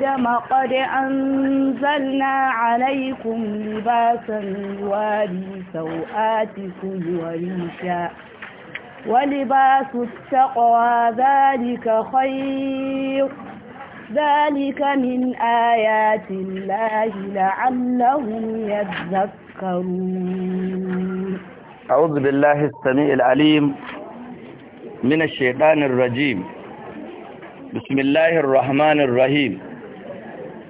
آدم قد أنزلنا عليكم لباسا يواري سوآتكم وريشا ولباس التقوى ذلك خير ذلك من آيات الله لعلهم يذكرون أعوذ بالله السميع العليم من الشيطان الرجيم بسم الله الرحمن الرحيم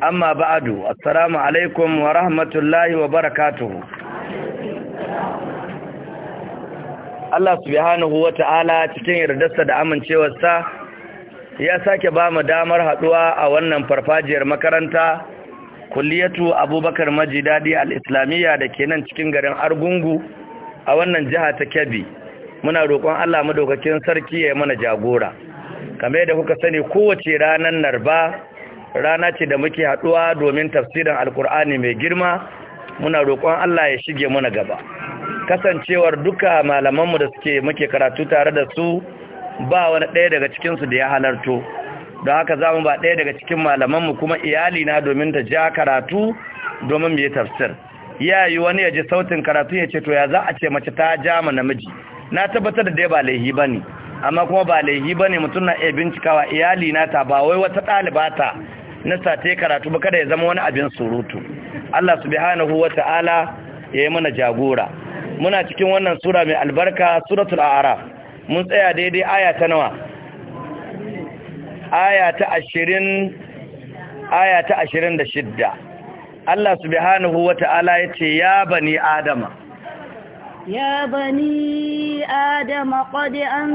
amma ba'adu assalamu alaikum wa rahmatullahi wa barakatuhu Allah subhanahu wa ta'ala cikin yardarsa da amincewarsa ya sake ba mu damar haduwa a wannan farfajiyar makaranta kulliyatu abubakar majidadi al-islamiyya da ke nan cikin garin argungu a wannan jiha ta kebbi muna roƙon Allah madaukakin sarki ya yi mana jagora kamar da kuka sani kowace ranar narba rana ce da muke haɗuwa domin tafsirin alkur'ani mai girma muna roƙon Allah ya shige muna gaba kasancewar duka malamanmu da suke muke karatu tare da su ba wani ɗaya daga cikinsu da ya halarto don haka za mu ba ɗaya daga cikin malamanmu kuma iyali na domin ta ja karatu domin mu yi tafsir ya yi wani ya ji sautin karatu ya ce to ya za a ce mace ta ja ma namiji na tabbatar da dai ba laihi ba ne amma kuma ba laihi ba ne mutum na iya bincikawa iyali na ta. ba wai wata ɗalibata na sate karatu ba kada ya zama wani abin surutu Allah subhanahu wa ta'ala ya yi mana jagora muna cikin wannan sura mai albarka suratul a'raf mun tsaya daidai aya ta nawa aya ta ashirin aya ta ashirin da shidda Allah subhanahu wa ta'ala ya ce ya bani adama Ya bani Adama ƙwade an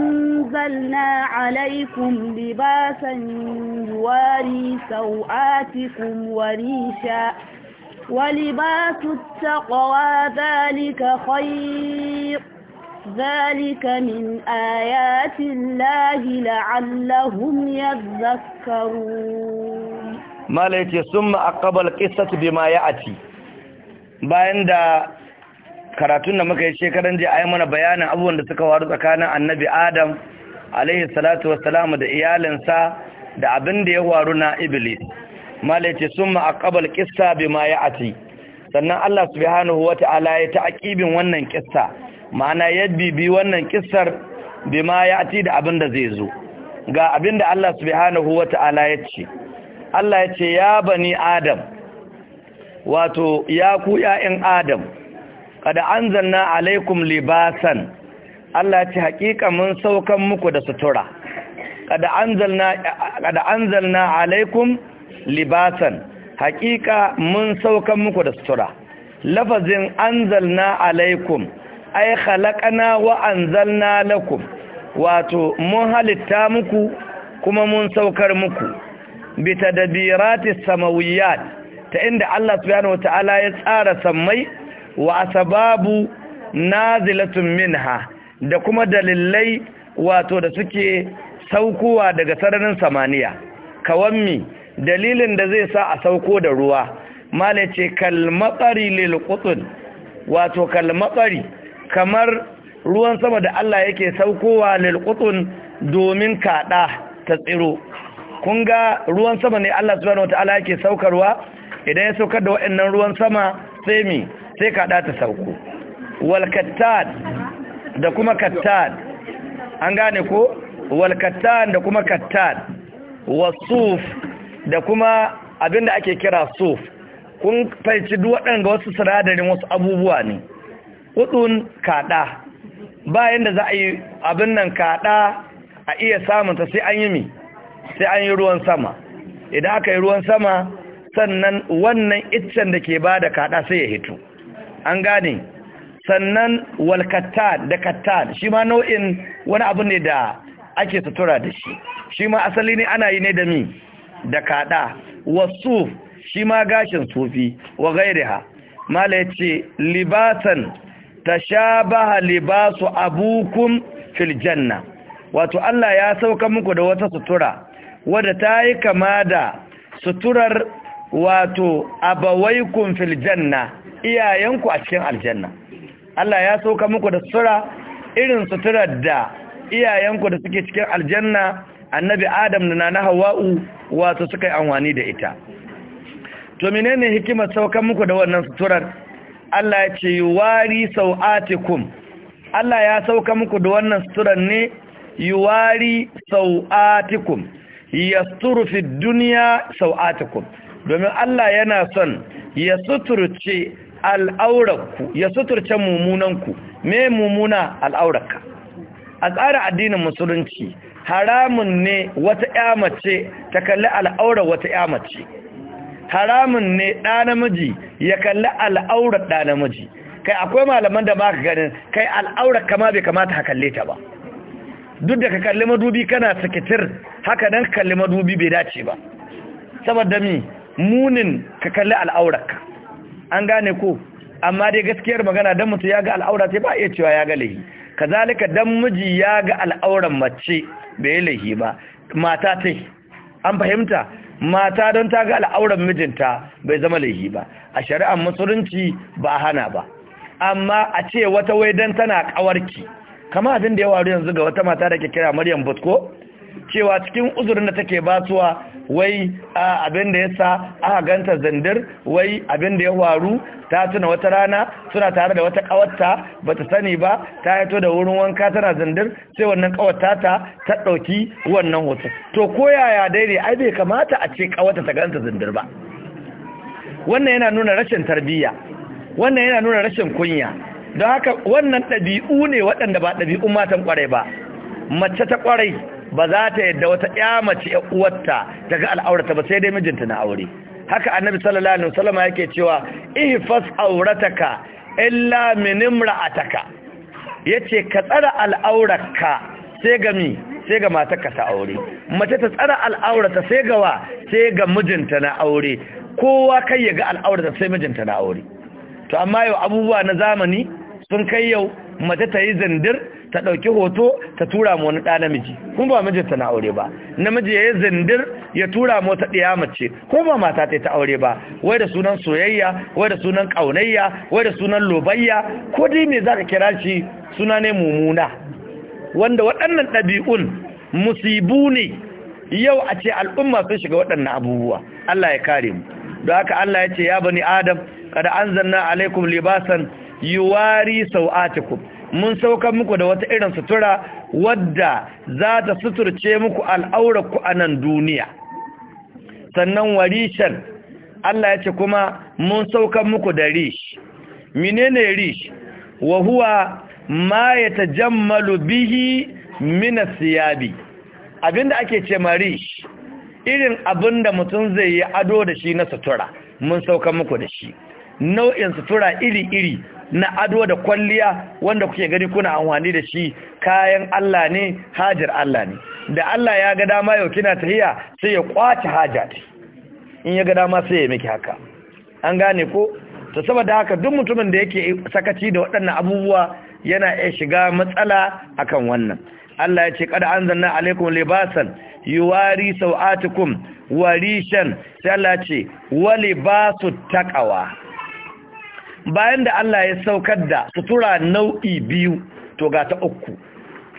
zalna alaikun libasan wari sau'atikun wari sha, wali ba ta taƙawa zalika kwai, zalika min ayatin lahi la'allahun ya zakaru. Malaiti sun ma'akabal ƙistatu bi ma ya ati, bayan da karatun da muka yi shekaran jiya yi mana bayanin abubuwan da suka waru tsakanin annabi adam alaihi salatu wassalamu da iyalinsa da abin da ya waru na iblis malaiti summa aqabal qissa bima ya'ati sannan Allah subhanahu wata'ala ya ta'qibin wannan qissa ma'ana ya bi wannan qissar bima ya'ati da abin da zai zo ga abin da Allah subhanahu wata'ala ya ce Allah ya ce ya bani adam wato ya ku ya'in adam kada zanna alaikum libasan Allah ce hakika mun saukan muku da sutura kada anzalna kada alaikum libasan hakika mun saukan muku da sutura lafazin zanna alaikum ai khalaqana wa anzalna lakum wato mun halitta muku kuma mun saukar muku bi tadbirati samawiyat ta inda Allah subhanahu ta'ala ya tsara sammai wa asbabu nazilatun minha da kuma dalilai wato da suke saukowa daga sararin samaniya kawammi dalilin da zai sa a sauko da ruwa male ce kalmatsari lil qutun wato kalmatsari kamar ruwan sama da Allah yake saukowa lil qutun domin kada ta tsiro kun ga ruwan sama ne Allah subhanahu wataala yake saukarwa idan ya saukar da waɗannan ruwan sama sai mi sai kada ta sauko wal da kuma kattad an gane ko wal da kuma kattad wasuf da kuma abinda ake kira suf kun faici duk ga wasu sinadarin wasu abubuwa ne hudun kaɗa bayan da za a yi abin nan kaɗa a iya samunta sai an yi mi sai an yi ruwan sama idan aka yi ruwan sama sannan wannan iccen da ke bada da kaɗa sai ya hito an gane sannan walkattan da kattan shi ma nau'in wani abu ne da ake sutura da shi shi ma asali ne ana yi ne da mi da kada Wasu shi ma gashin sufi wa ha mala ya ce libasan ta sha baha libasu abukun filjanna wato Allah ya sauka muku da wata sutura wadda ta yi kama da suturar wato abawaikun filjanna iyayenku a cikin aljanna Allah ya sauka muku da sutura irin suturar da iyayenku da suke cikin aljanna annabi Adam da nana Hawwa'u wato suka yi amfani da ita to menene hikimar saukan muku da wannan suturar Allah ya ce wari sau'atikum Allah ya sauka muku da wannan suturar ne yuwari sau'atikum ya fi duniya sau'atikum domin Allah yana son ya suturce al'aurarku ya suturce mummunanku me mummuna al'aurarka a tsara addinin musulunci haramun ne wata mace ta kalli al'aurar wata mace haramun ne ɗa namiji ya kalli al'aurar ɗa namiji kai akwai malaman da ba ka ganin kai al'aurar kama bai kamata ka kalle ta ba duk da ka kalli madubi kana sakitir haka nan kalli madubi bai dace ba saboda mi munin ka kalli al'aurarka an gane ko amma dai gaskiyar magana dan mutu ya ga al'aura sai ba iya cewa ya ga lahi kazalika dan miji ya ga al'auran mace bai lahi ba mata tai an fahimta mata don ta ga al'auran mijinta bai zama lahi ba a shari'ar musulunci ba hana ba amma a ce wata wai dan tana kawarki kama abin da ya waru yanzu ga wata mata da ke kira Maryam Butko cewa cikin uzurin da take basuwa wai abin da ya sa aka ganta zandir wai abin da ya waru ta tuna wata rana suna tare da wata kawarta ta sani ba ta yato da wurin wanka tana zandir sai wannan kawarta ta ta dauki wannan hoto to koyaya daidai ai bai kamata a ce kawarta ta ganta zindir ba wannan yana nuna rashin tarbiyya wannan yana nuna rashin kunya don haka wannan ɗabi'u ne waɗanda ba ɗabi'un matan ƙwarai ba mace ta ƙwarai ba za ta yadda wata ƴa mace uwarta ta al'aurata ba sai dai mijinta na aure haka annabi sallallahu alaihi wasallam yake cewa ihfas aurataka illa min imra'ataka yace ka tsara al'auraka sai ga mi sai ga matarka ta aure mace ta tsara al'aurata sai ga wa sai ga mijinta na aure kowa kai ya ga al'aurata sai mijinta na aure to amma yau abubuwa na zamani sun kai yau mace ta yi zindir ta ɗauki hoto ta tura mu wani ɗa namiji kuma ba mijinta na aure ba namiji ya yi zindir ya tura mu wata ɗiya mace kuma ba mata ta ta aure ba wai da sunan soyayya wai da sunan ƙaunayya wai da sunan lobayya ko dai me za ka kira shi suna ne mumuna. wanda waɗannan ɗabi'un musibu ne yau a ce al'umma sun shiga waɗannan abubuwa Allah ya kare mu don haka Allah ya ce ya bani adam kada anzalna alaikum libasan yuwari sau'atikum mun sauka muku da wata irin sutura wadda za ta suturce muku al'aurarku a nan duniya sannan warishan Allah ya ce kuma mun sauka muku da rish ne rish wa huwa ma yatajammalu bihi min asiyabi abinda ake ce ma rish irin abinda mutum zai yi ado da shi na sutura mun sauka muku da shi nau'in sutura iri-iri na ado da kwalliya wanda kuke gani kuna amfani da shi kayan Allah ne hajar Allah ne da Allah ya ga dama yau kina tahiya sai ya kwace haja in ya ga dama sai ya miki haka an gane ko ta saboda haka duk mutumin da yake sakaci da waɗannan abubuwa yana iya shiga matsala akan wannan Allah ya ce kada anzalna alaikum libasan yuwari sau'atukum warishan sai Allah ya ce wa libasu taqwa bayan da Allah ya saukar da sutura nau'i biyu to ga ta uku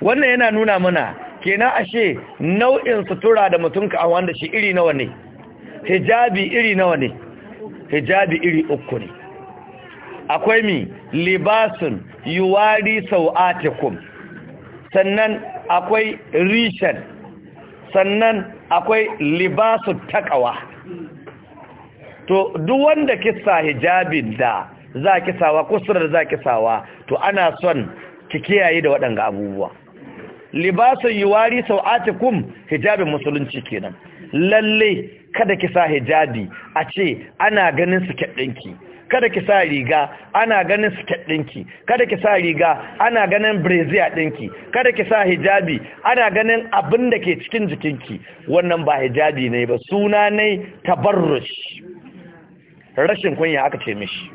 wannan yana nuna mana kenan ashe nau'in sutura da mutum ka wanda shi iri nawa ne hijabi iri nawa ne hijabi iri uku ne akwai mi libasun yuwari sau'atikum sannan akwai rishan sannan akwai libasun takawa to duk wanda kissa hijabin da za ki sawa ko surar za ki sawa to ana son ki kiyaye da waɗanga abubuwa libasun ati kum hijabin musulunci kenan lalle kada ki sa hijabi a ce ana ganin su ɗinki kada ki sa riga ana ganin siket ɗinki kada ki sa riga ana ganin breziya ɗinki kada ki sa hijabi ana ganin abin da ke cikin jikinki wannan ba hijabi ne ba suna ne tabarrush rashin kunya aka ce mishi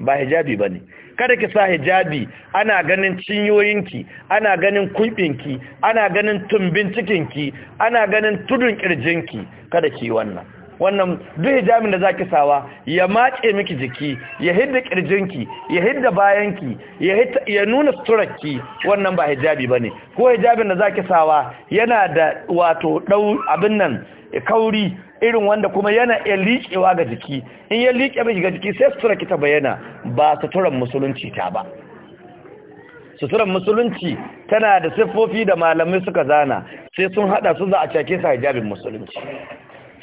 ba hijabi bane kada ki sa hijabi ana ganin cinyoyinki ana ganin kuibinki ana ganin tumbin cikinki ana ganin tudun kirjinki kada ki wannan wannan duk hijabin da zaki sawa ya matse miki jiki ya hidda kirjinki ya hidda bayanki ya ya nuna suturarki wannan ba hijabi ne. ko hijabin da zaki sawa yana da wato dau abin nan kauri irin wanda kuma yana iya liƙewa ga jiki in ya liƙe miki ga jiki sai suturarki ta bayyana ba suturan musulunci ta ba Suturan musulunci tana da siffofi da malamai suka zana sai sun haɗa su za a cake sa hijabin musulunci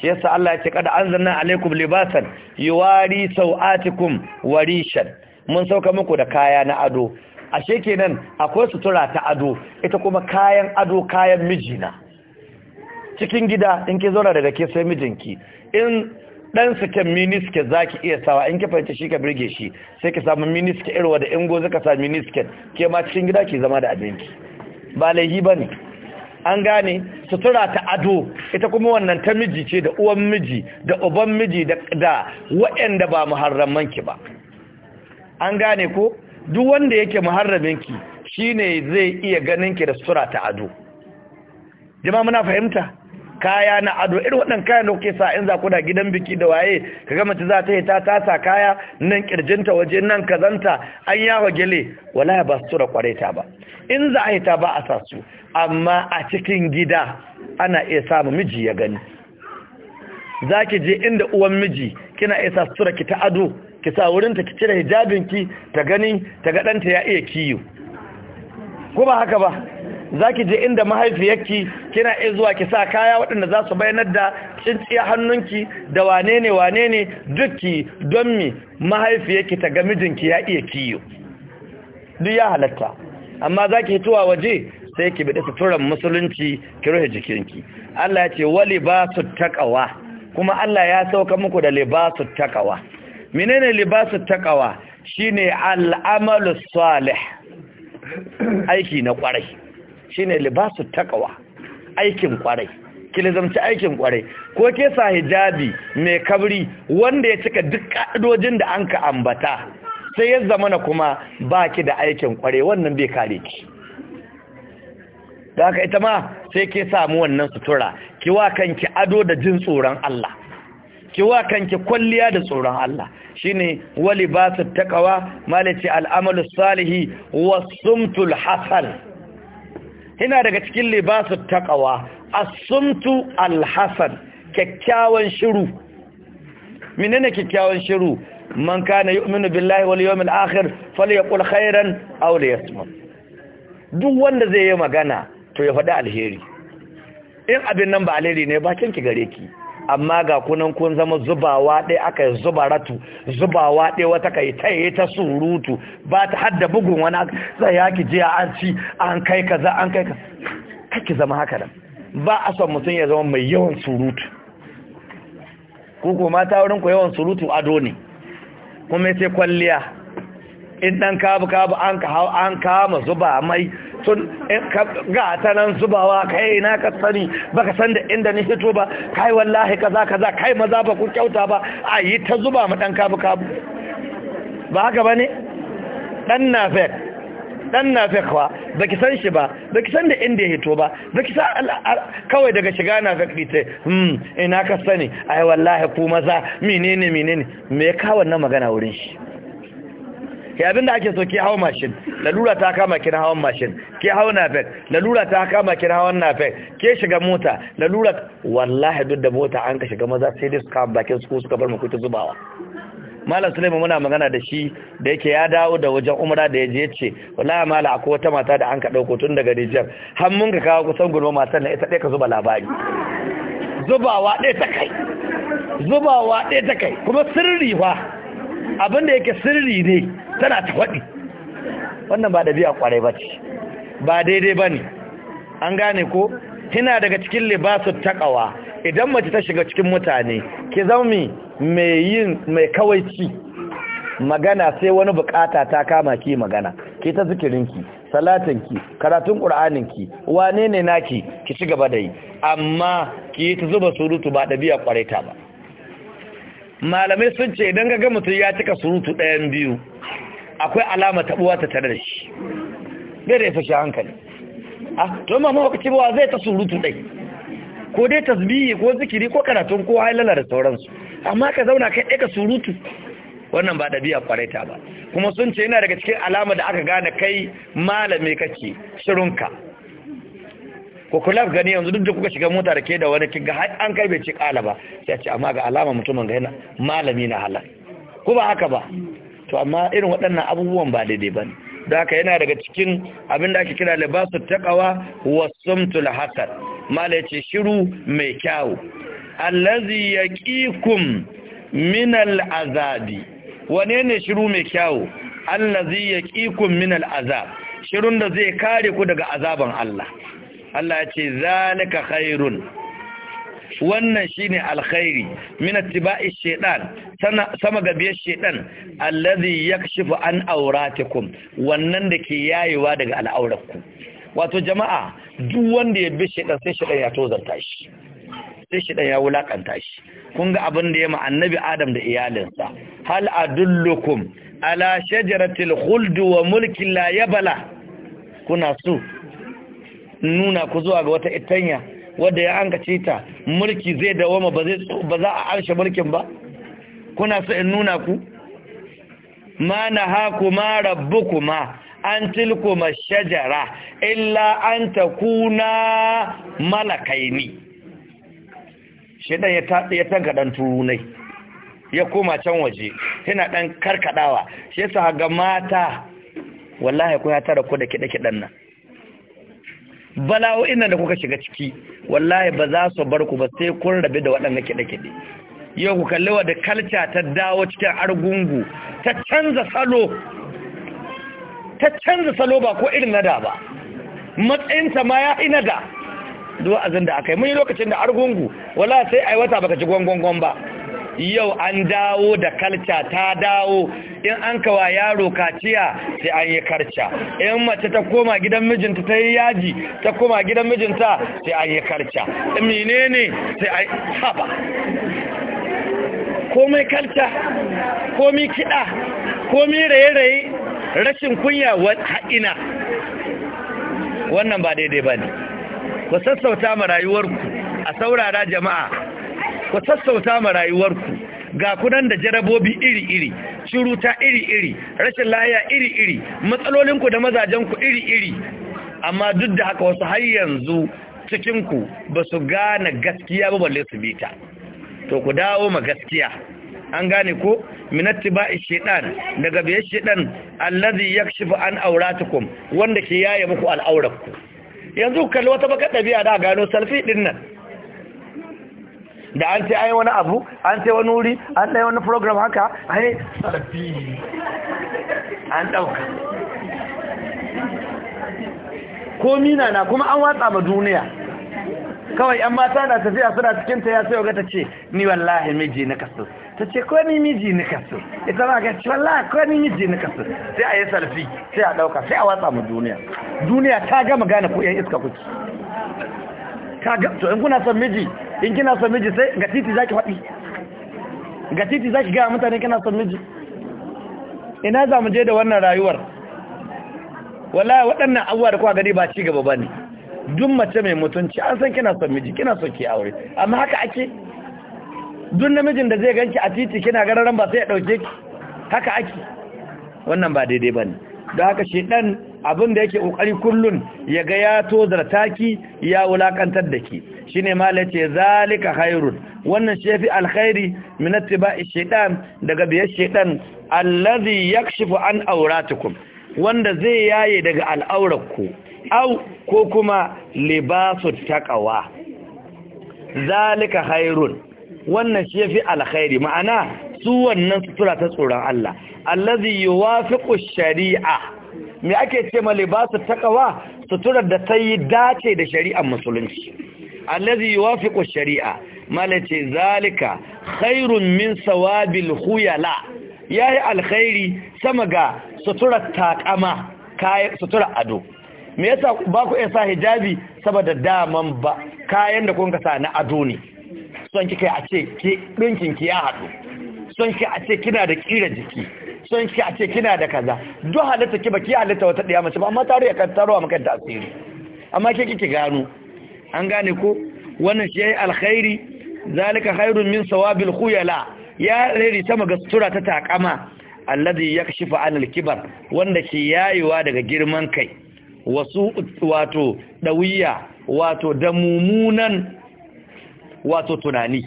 shi yasa Allah ya ce kada anzalna alaikum libasan yuwari sawatikum warishan mun sauka muku da kaya na ado ashe kenan akwai sutura ta ado ita kuma kayan ado kayan mijina cikin gida in ki zauna daga ke sai mijinki in dan suke miniske zaki iya sawa in ki fahimci shi ka birge shi sai ki samu miniske irwa da ingo zaka sa miniske ke ma cikin gida ki zama da abinki ba laihi bane an gane sutura ta ado ita kuma wannan ta miji ce da uwan miji da uban miji da waɗanda ba muharramanki ba an gane ko duk wanda yake muharraminki shine zai iya ganinki da sutura ta ado jama'a muna fahimta kaya na ado irin waɗannan kaya da kuke sa in za ku da gidan biki da waye kaga mace za ta yi ta tasa kaya nan kirjinta waje nan kazanta an yawa gele wallahi ba su tura kware ta ba in za a yi ta ba a sa su amma a cikin gida ana iya samu miji ya gani za ki je inda uwan miji kina iya sa sutura ki ta ado ki sa wurinta ki cire hijabinki ta gani ta ga ɗanta ya iya kiyo ko ba haka ba zaki je inda mahaifiyarki kina iya zuwa ki sa kaya waɗanda za su bayanar da tsintsiya hannunki da wane ne wane ne dukki don mi mahaifiyarki ta ga mijinki ya iya kiyo duk ya halatta amma za zaki hituwa waje sai ki bi suturan musulunci ki rufe jikinki Allah ya ce ba su takawa kuma Allah ya sauka muku da libasu takawa menene libasu takawa shine al'amalu salih aiki na kwarai shine libasu takawa aikin kwarai ki aikin kwarai ko ke sa hijabi mai kabri wanda ya cika duk ka'idojin da anka ambata sai ya zamana kuma baki da aikin kwarai wannan bai kare ki da haka ita ma sai ke samu wannan sutura ki wa kanki ado da jin tsoron Allah ki wa kanki kwalliya da tsoron Allah shine walibasu takawa malaci al'amalu salihi wasumtul hasan Ina daga cikin libasu taqwa asumtu alhasan kyakkyawan shiru menene kyakkyawan shiru man kana yu'minu billahi wal yawmil akhir falyaqul khairan aw liyasmut duk wanda zai yi magana to ya faɗi alheri in abin nan ba alheri ne bakin ki gare ki amma ga kunan kun zama zubawa ɗaya aka zuba ratu zubawa ɗaya wata kai ta yi ta surutu ba ta hadda bugun wani zai ya ki jiya an ci an kai za an kai ka kake zama haka nan ba a son mutum ya zama mai yawan surutu ko ko mata wurin ku yawan surutu ado ne kuma sai kwalliya in dan kabu kabu an ka an kama zuba mai sun ga ta nan zubawa kai na ka sani baka san da inda ni hito ba kai wallahi kaza kaza kai maza ba ku kyauta ba a yi ta zuba mu dan kabu kabu ba haka bane dan nafek dan nafek wa baki san shi ba baki san da inda ya hito ba baki san kawai daga shiga nafek dite hmm ina ka sani ai wallahi ku maza menene menene me ka wannan magana wurin shi ke abinda ake so ke hawa mashin lalura ta kama kin hawan mashin ke hawa nafek lalura ta kama kin hawan nafek ke shiga mota lalura wallahi duk da mota an ka shiga maza sai dai suka bakin su suka bar mu kuta zubawa malam Sulaiman muna magana da shi da yake ya dawo da wajen umra da yaje yace wallahi mala akwai wata mata da an ka dauko tun daga Nijar har mun ka kawo kusan gurbin mata na ita dai ka zuba labari zubawa dai ta kai zubawa dai ta kai kuma sirri fa abin da yake sirri ne tana ta faɗi. wannan ba ɗabi'a ƙwarai ba ce ba daidai ba ne an gane ko tana daga cikin libasu taƙawa idan mace ta shiga cikin mutane ki zaumi mai yin mai kawaici magana sai wani bukata ta kama ki magana ki ta zikirinki salatinki karatun ƙur'aninki wane ne naki ki ci gaba da yi amma ki yi ta zuba surutu ba ɗabi'a ƙwarai ta ba malamai sun ce idan ga mutum ya cika surutu ɗayan biyu akwai alama taɓuwa ta tare da shi bai da ya fashe hankali a ah, to ma zai ta surutu ɗai ko dai tasbihi ko zikiri ko karatun ko hailala da sauransu amma ka zauna kai ɗaya ka surutu wannan ba ɗabi'a ta ba kuma sun ce yana daga cikin alama da aka gane kai malami kake shirinka ko kula gani yanzu duk da kuka shiga mota da ke da wani kinga har an kai bai ci kala ba sai a ce amma ga alama mutumin ga yana malami na halal ko ba haka ba to amma irin waɗannan abubuwan ba daidai ba ne da haka yana daga cikin abin da ake kira libasu taqawa wasumtul hasan mala yace shiru mai kyau allazi yaqikum min azabi wane ne shiru mai kyau allazi yaqikum min azab. shirun da zai kare ku daga azaban Allah Allah ni zalika khairun wannan shine alkhairi min attiba'i shaytan sama gabiyar shaytan allazi yakshifu an auratikum wannan da ke yayewa daga al'auratku wato jama'a duk wanda ya bi shaytan sai shaytan ya tozarta shi sai shaytan ya wulakanta shi kun ga abin da ya ma annabi adam da iyalinsa hal adullukum ala shajaratil khuld wa mulkin la yabla kuna su nuna ku zuwa ga wata itanya wadda ya hankace ta mulki zai dawama ba za a arshe mulkin ba kuna so in nuna ku ma na haku ma rabu kuma an tilkuma shajara illa an ta kuna malakaini shidan ya tanka ɗan turunai ya koma can waje yana ɗan karkaɗawa shi yasa ga mata wallahi ku ya tara ku da kiɗe-kiɗen nan bala'o'in nan da kuka shiga ciki wallahi ba za su bar ku ba sai kun rabe da waɗannan kide-kide yau ku kalli wa da kalca ta dawo cikin argungu ta canza salo ta canza salo ba ko irin nada ba matsayinta ma ya ina duwa azin da aka yi mun yi lokacin da argungu wala sai ai wata baka ji gwangwangon ba yau an dawo da kalca ta dawo in an kawa yaro kaciya sai an yi karca in mace ta koma gidan mijinta ta yi yaji ta koma gidan mijinta sai an yi karca menene sai an haba komai kalca komai kiɗa komai raye-raye rashin kunya ha'ina wannan ba daidai ba ne ku sassauta ma rayuwarku a saurara jama'a ku sassauta ma rayuwarku ga kunan da jarabobi iri-iri shiruta iri-iri rashin laya iri-iri matsalolinku da mazajenku iri-iri amma duk da haka wasu har yanzu cikinku ba su gane gaskiya ba balle su bita to ku dawo ma gaskiya an gane ko minatti ba shedan daga biyar shedan allazi yakshifu an auratukum wanda ke yaye muku al'aurarku yanzu kalli wata baka dabi'a da gano salfi din nan da an ce ayi wani abu an ce wani wuri an ɗaya wani program haka ai salafi an ɗauka ko mina na kuma an watsa ma duniya kawai yan mata na tafiya suna cikin ta ya sai ga ta ce ni wallahi miji na kasu ta ce ko ni miji na kasu ita ma ga wallahi ko ni miji na kasu sai a yi salfi sai a ɗauka sai a watsa ma duniya duniya ta gama gane ko yan iska kuke ka ga to in kuna son miji in kina son miji sai ga titi zaki faɗi ga titi zaki ga mutane kina son miji ina za mu je da wannan rayuwar wallahi waɗannan abuwa da kuka gani ba ci gaba bane duk mace mai mutunci an san kina son miji kina son ki aure amma haka ake duk namijin da zai ganki a titi kina gararan ba sai ya dauke ki haka ake wannan ba daidai bane don haka shi dan abin da yake kokari kullun ya ga ya tozarta ki ya wulakantar da ki shine mala ce zalika khairun wannan shefi alkhairi min ittiba'i shaytan daga biyar shaytan allazi yakshifu an auratukum wanda zai yaye daga al'aurarku au ko kuma libasu taqwa zalika khairun wannan shefi alkhairi ma'ana su wannan sutura ta tsoron Allah allazi yuwafiqu shari'a me ake ce ma libasu taqwa suturar da ta yi dace da shari'ar musulunci allazi yuwafiqu shari'a malace zalika khairun min sawabil khuyala yayi alkhairi sama ga suturar takama kayan suturar ado me yasa ba ku sa hijabi saboda daman ba kayan da kun sa na ado ne son kike a ce ki dinkin ki ya hadu son kike a ce kina da kira jiki son kike a ce kina da kaza duk halatta ki baki halatta wata daya mace ba amma tare ya kan tarowa maka tasiri amma ke kike gano an gane ko wannan shi yayi alkhairi zalika khairun min sawabil khuyala ya rairi sama ga sutura ta takama alladhi yakshifu anil kibar wanda ke yayewa daga girman kai wasu wato dawiya wato da mumunan wato tunani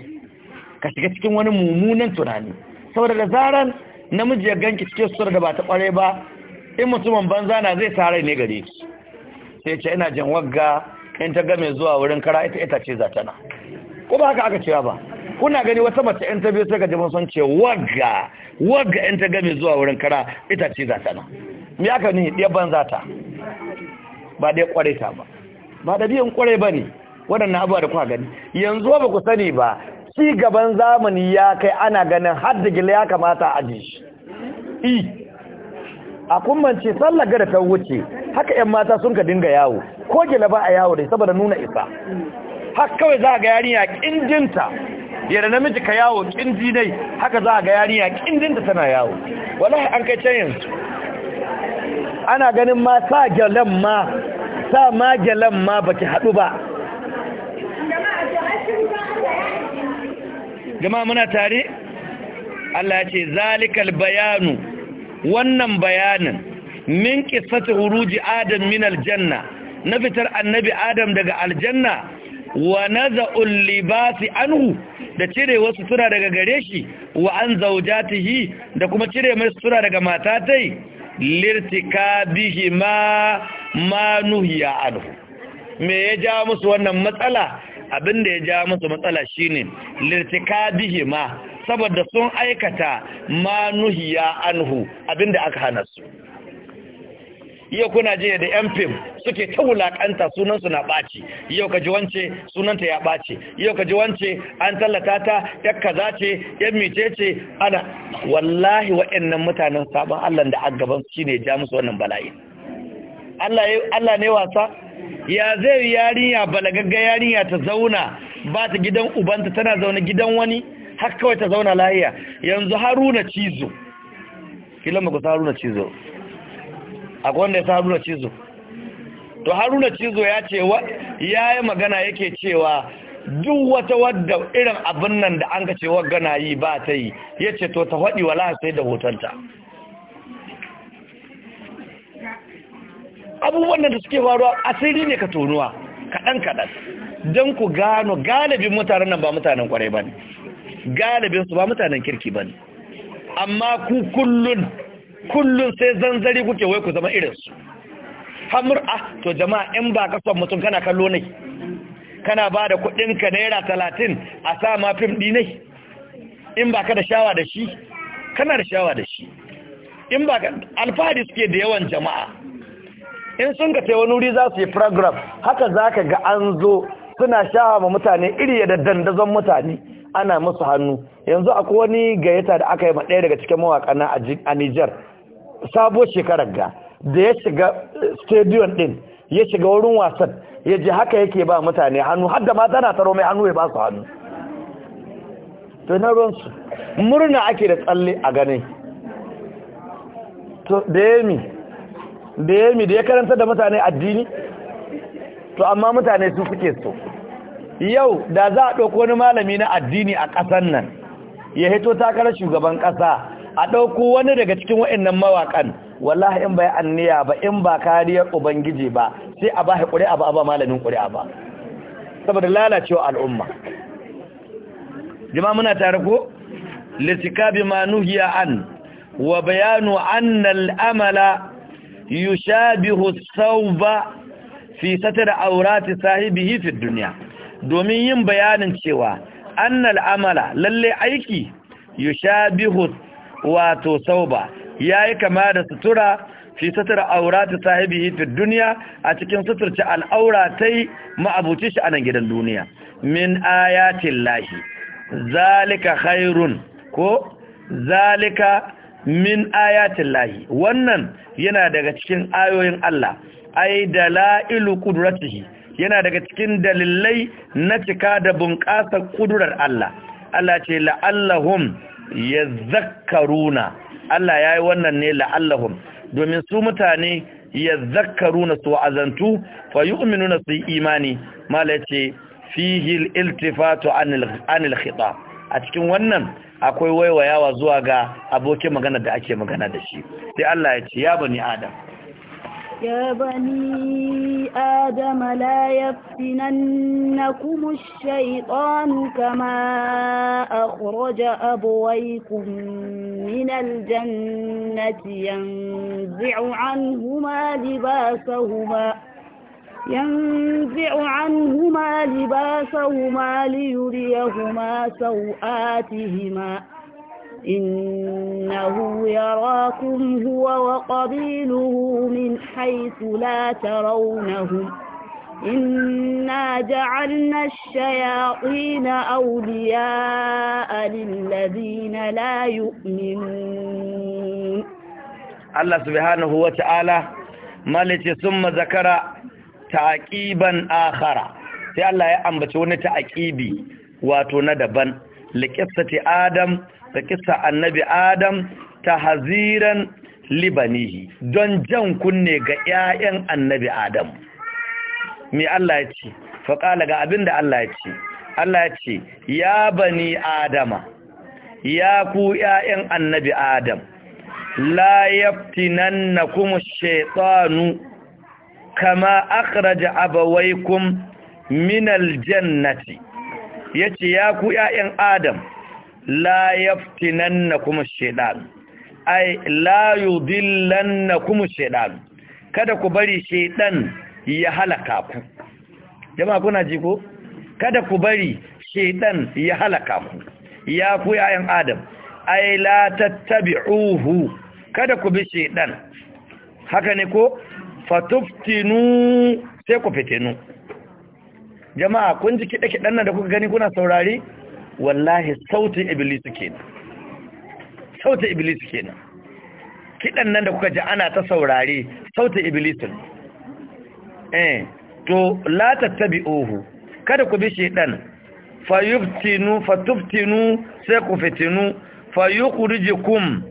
ka shiga cikin wani mumunan tunani saboda da zaran namiji ya ganki cikin sutura da ba ta kware ba in mutumin banza na zai tare ne gare ki sai ce ina jan wagga in ta game zuwa wurin kara ita ita ce za tana ko ba haka aka cewa ba kuna gani wata mace in ta biyu sai ka ji sun ce wagga wagga in ta game zuwa wurin kara ita ce za tana me aka ni ɗaya za ta ba ɗaya ƙware ta ba ba da biyan ƙware ba ne waɗannan abuwa da kuka gani yanzu ba ku sani ba ci gaban zamani ya kai ana ganin har da gila ya kamata a ji shi i a kummance sallah gada ta wuce haka yan mata sun ka dinga yawo ko gele ba a yawo dai saboda nuna isa har kawai za a ga yarinya kindinta yadda namiji ka yawo kindi dai haka za a ga yarinya kindinta tana yawo wallahi an kai can yanzu ana ganin ma sa gyalen ma sa ma gyalen ma baki haɗu ba Gama muna tare Allah ce zalikal bayanu wannan bayanin min qissati huruji adam min aljanna na fitar annabi adam daga aljanna wa naza'ul libasi anhu da cire wasu sura daga gare shi wa an zaujatihi da kuma cire mai sura daga matatai lirtikabihi ma ma nuhiya anhu me ya ja musu wannan matsala abinda ya ja musu matsala shine lirtikabihi ma saboda sun aikata ma nuhiya anhu abinda aka hana su yau kuna je da yan fim suke ta wulakanta sunansu na ɓaci yau ka ji wance sunanta ya ɓaci yau ka ji wance an tallata ta yar kaza ce yan mice ce ana wallahi wa'annan mutanen sabon allah da an gaban ne ja musu wannan bala'i allah ne wasa ya zai yarinya balagagga yarinya ta zauna ba ta gidan ubanta tana zaune gidan wani har kawai ta zauna lahiya yanzu haruna cizo kila ku haruna cizo akwai wanda ya sa haruna cizo to haruna cizo ya ce wa ya yi magana yake cewa duk wata wadda irin abin nan da an ka ce gana yi ba ta yi ya ce to ta faɗi wala sai da hotonta abubuwan da suke faruwa asiri ne ka tonuwa kaɗan-kaɗan don ku gano galibin mutanen nan ba mutanen kwarai ba ne galibinsu ba mutanen kirki ba ne amma ku kullun kullum sai zanzari kuke wai ku zama irinsu hamur a ah, to jama'a in ba ka son mutum kana kallo ne kana ba da kuɗinka naira talatin a sa ma fim ɗi in ba ka da shawa da shi kana da shawa da shi in ba alfahari suke da yawan jama'a in sun ka ce wani wuri za su yi program haka za ka ga an zo suna shawa ma mutane iri da dandazon mutane ana musu hannu yanzu akwai wani gayyata da aka yi ma ɗaya daga cikin mawaƙa na a Nijar sabuwar shekarar ga da ya shiga stadion din ya shiga wurin wasan ya ji haka yake ba mutane hannu har da mata na taro mai hannu ya ba su hannu to na su murna ake da tsalle a ganin to da ya mi da ya mi da ya karanta da mutane addini to amma mutane su suke so yau da za a ɗauko wani malami na addini a ƙasan nan ya hito takarar shugaban ƙasa a ɗauko wani daga cikin wa'annan mawaƙan wallahi in bai anniya ba in ba kariyar ubangiji ba sai a ba ƙuri'a ba a ba malamin ƙuri'a ba saboda lalacewa al'umma jima muna tare ko litikabi ma nuhiya an wa bayanu anna al'amala yushabihu sauba fi satar aurati sahibihi fi duniya domin yin bayanin cewa annal amala lalle aiki yushabihu wato sauba yayi kama da sutura fi sutura auratu sahibihi fi duniya a cikin suturci al'auratai ma'abuci shi anan gidan duniya min ayatin lahi zalika khairun ko zalika min ayatin lahi wannan yana daga cikin ayoyin Allah ai dala'ilu qudratihi yana daga cikin dalilai na cika da bunƙasa kudurar Allah Allah ce la'allahum ya zakaruna Allah ya yi wannan ne la'allahun domin su mutane ya zakaruna su azantu fa yi uminuna su imani mala ce fihil iltifatu anil khita a cikin wannan akwai waiwayawa zuwa ga abokin magana da ake magana da shi sai Allah ya ce ya bani adam يا بني آدم لا يفتننكم الشيطان كما أخرج أبويكم من الجنة ينزع عنهما لباسهما ينزع عنهما لباسهما ليريهما سوآتهما إنه يراكم هو وقبيله من حيث لا ترونهم إنا جعلنا الشياطين أولياء للذين لا يؤمنون الله سبحانه وتعالى مالك ثم ذكر تعقيبا آخر sai Allah ya ambaci wani ta'aqibi wato na daban liqissati Adam da kisa annabi adam ta haziran libanihi don jan kunne ga 'ya'yan annabi adam Me Allah ya ce faƙala ga abin da Allah ya ce Allah ya ce ya bani adama ya ku 'ya'yan annabi adam la kuma shaitanu kama akhraja Minal jannati ya ce ya ku 'ya'yan adam la yaftinannakum ash-shaytan ay la yudillannakum ash-shaytan kada ku bari shaytan ya halaka ku jama'a kuna ji ko kada ku bari shaytan ya halaka ku ya ku yayan adam ay la tattabi'uhu kada ku bi shaytan haka ne ko fatuftinu sai ku fitinu jama'a kun ji kiɗe-kiɗen nan da kuka gani kuna saurari wallahi sautin iblisu kenan sautin iblisu kenan kidan nan da kuka ji ana ta saurare sautin iblis eh to la tattabi'uhu kada ku bi shedan fayuftinu fatuftinu sai ku fitinu fayukhrijukum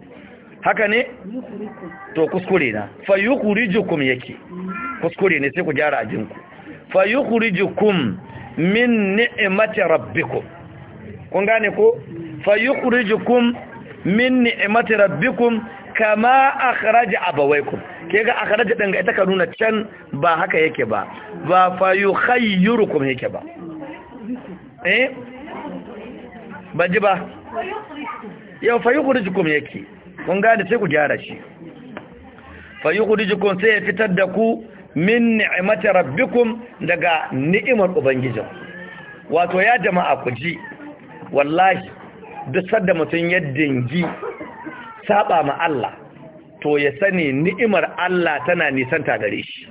haka ne to kuskure na fayukhrijukum yake kuskure ne sai ku gyara ajinku fayukhrijukum min ni'mati rabbikum kun gane ko fa yukhrijukum min ni'mati rabbikum kama akhraja abawaykum ga akhraja din ga ita ka nuna can ba haka yake ba ba fa yukhayyirukum yake ba eh ji ba yau fa yukhrijukum yake kun gane sai ku gyara shi fa yukhrijukum sai ya fitar da ku min ni'mati rabbikum daga ni'imar ubangijin wato ya jama'a ku ji wallahi duk sadda mutum ya dingi saba ma Allah to ya sani ni'imar Allah tana nisanta gare shi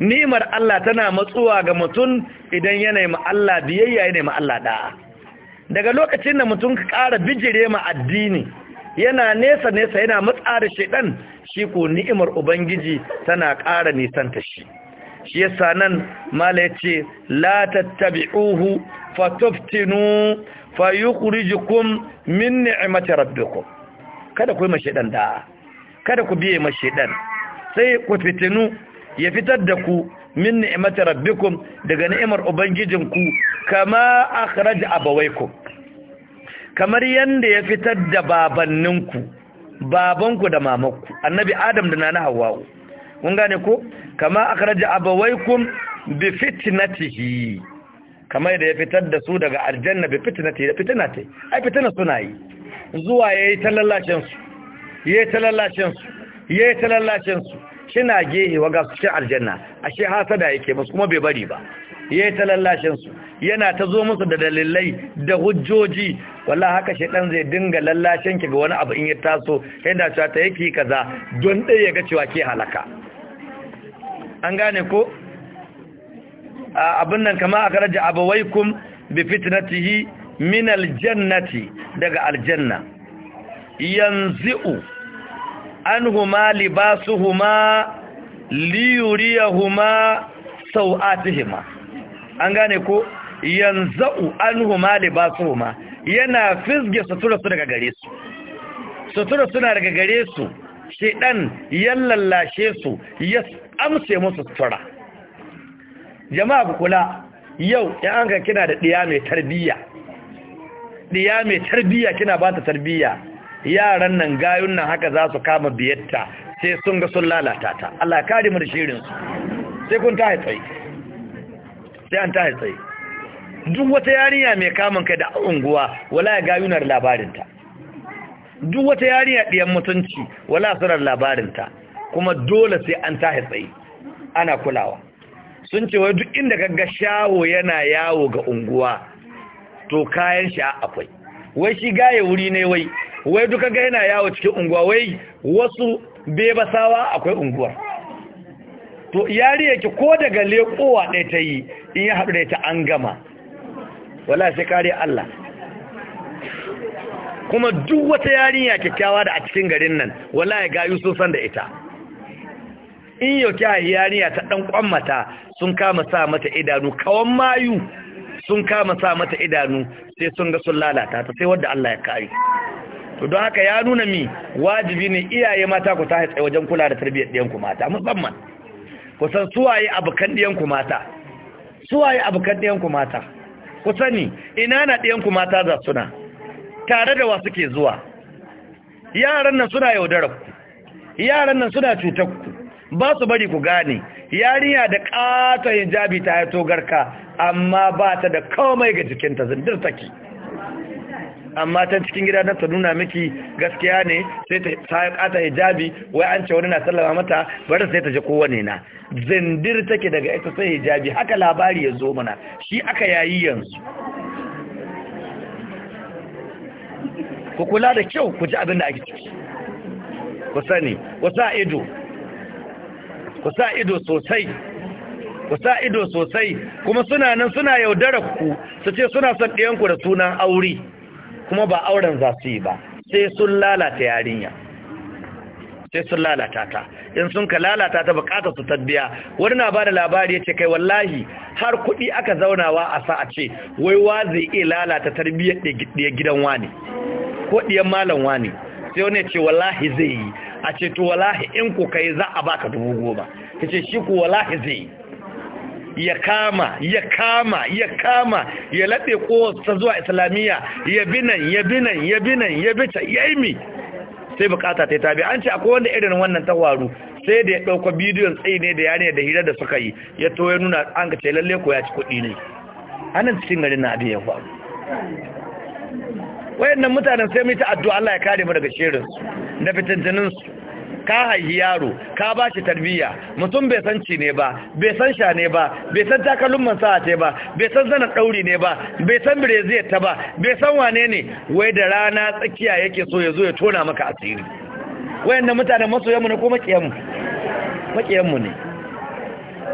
ni'imar Allah tana matsuwa ga mutum idan yanayi ma Allah biyayya yanayi ma Allah da'a daga lokacin da mutum ka ƙara bijire ma addini yana nesa nesa yana matsa da shedan shi ko ni'imar ubangiji tana ƙara nisanta shi shi yasa nan mala yace la tattabi'uhu fatuftinu fayukhrijukum min ni'mati rabbikum kada ku yi mashedan da kada ku biye mashedan sai ku fitinu ya fitar da ku min ni'mati rabbikum daga ni'imar ubangijinku kama akhraj abawaykum kamar yadda ya fitar da babanninku babanku da mamanku annabi adam da nana hawwa'u kun gane ko kama akhraja abawaikum bi fitnatihi kama yadda ya fitar da su daga aljanna bi fitnatihi da fitnati ai fitna suna yi zuwa yayi talallacin su yayi talallacin su yayi talallacin su kina gehe waga cikin aljanna ashe hasada yake musu kuma bai bari ba yayi talallacin su yana ta zo musu da dalilai da hujjoji wallahi haka shedan zai dinga lallashin ki ga wani abu in ya taso yana cewa ta yake kaza don dai ya ga cewa ke halaka an gane ko abin nan kama aka raja abawaikum bi fitnatihi min aljannati daga aljanna yanzu huma libasuhuma liyuriyahuma sau'atihima an gane ko yanzu anhuma libasuhuma yana fizge sutura su daga gare su sutura suna daga gare su shedan ya lallashe su ya amse musu tura. jama'a ku kula yau in an ka kina da diya mai tarbiyya diya mai tarbiyya kina ba ta tarbiyya yaran nan gayun nan haka za su kama biyatta sai sun ga sun lalata ta Allah ya kare mu da shirin su sai kun ta haifai, sai an ta haifai. duk wata yarinya mai kamun kai da unguwa wala ya gayunar labarinta duk wata yariya ɗiyan mutunci wala sanar labarinta kuma dole sai an tahi tsaye ana kulawa sun ce wai duk inda kaga shawo yana yawo ga unguwa to kayan shi akwai wai shi gaye wuri ne wai wai duka ga yana yawo cikin unguwa wai wasu bebasawa akwai unguwa to yari yake ko daga lekowa ɗaya ta yi in ya haɗu da ita an gama wala shi kare Allah kuma duk wata yarinya kyakkyawa da a cikin garin nan wallahi gayu sun san da ita in yau ta yarinya ta dan kwammata sun kama sa mata idanu kawan mayu sun kama sa mata idanu sai sun ga sun lalata ta sai wanda Allah ya kare to don haka ya nuna mi wajibi ne iyaye mata ku ta haitsa wajen kula da tarbiyyar ku mata musamman ku san suwaye abokan ku mata suwaye abokan ku mata ku sani ina na ku mata za suna tare da wasu ke zuwa yaran nan suna yaudarar ku yaran nan suna cutar ku ba su bari ku gane yarinya da ƙata hijabi ta haito garka amma ba ta da komai ga jikinta zindir take amma ta cikin gida na ta nuna miki gaskiya ne sai ta ƙata hijabi wai an ce wani na sallama mata bari sai ta ji kowane na zindir take daga ita sai hijabi haka labari ya zo mana shi aka yayi yanzu ku kula da kyau ku ji abin da ake ciki ku sani ku sa ido ku sa ido sosai ku sa ido sosai kuma suna nan suna yaudara ku su ce suna son ɗiyanku da sunan aure kuma ba auren za su yi ba sai sun lalata yarinya sai sun lalata ta in sun ka lalata ta bukatar su tabbiya wani na bada labari ya ce kai wallahi har kuɗi aka zaunawa a sa a ce wai wa zai iya lalata tarbiyyar ɗaya gidan wani ko ɗiyan malam wani sai wani ya ce wallahi zai yi a ce to wallahi in ku kai za a baka dubu goma ta ce shi ku wallahi zai yi ya kama ya kama ya kama ya laɓe kowace zuwa islamiyya ya binan ya binan ya binan ya bi ya yi mi sai bukata ta tabi an ce akwai wanda irin wannan ta waru sai da ya dauka bidiyon tsayi ne da yare da hira da suka yi ya to nuna an ga ce lalle ko ya ci kuɗi ne anan cikin garin na abin ya faru wayannan mutanen sai mu ta addu'a Allah ya kare mu daga shirin da fitintunin su ka haihi yaro ka ba shi tarbiyya mutum bai san ci ne ba bai san sha ne ba bai san takalmin sa'a ce ba bai san zanen ɗauri ne ba bai san bireziyar ta ba bai san wane ne wai da rana tsakiya yake so ya zo ya tona maka asiri wayannan mutanen yamu ne ko makiyanmu makiyanmu ne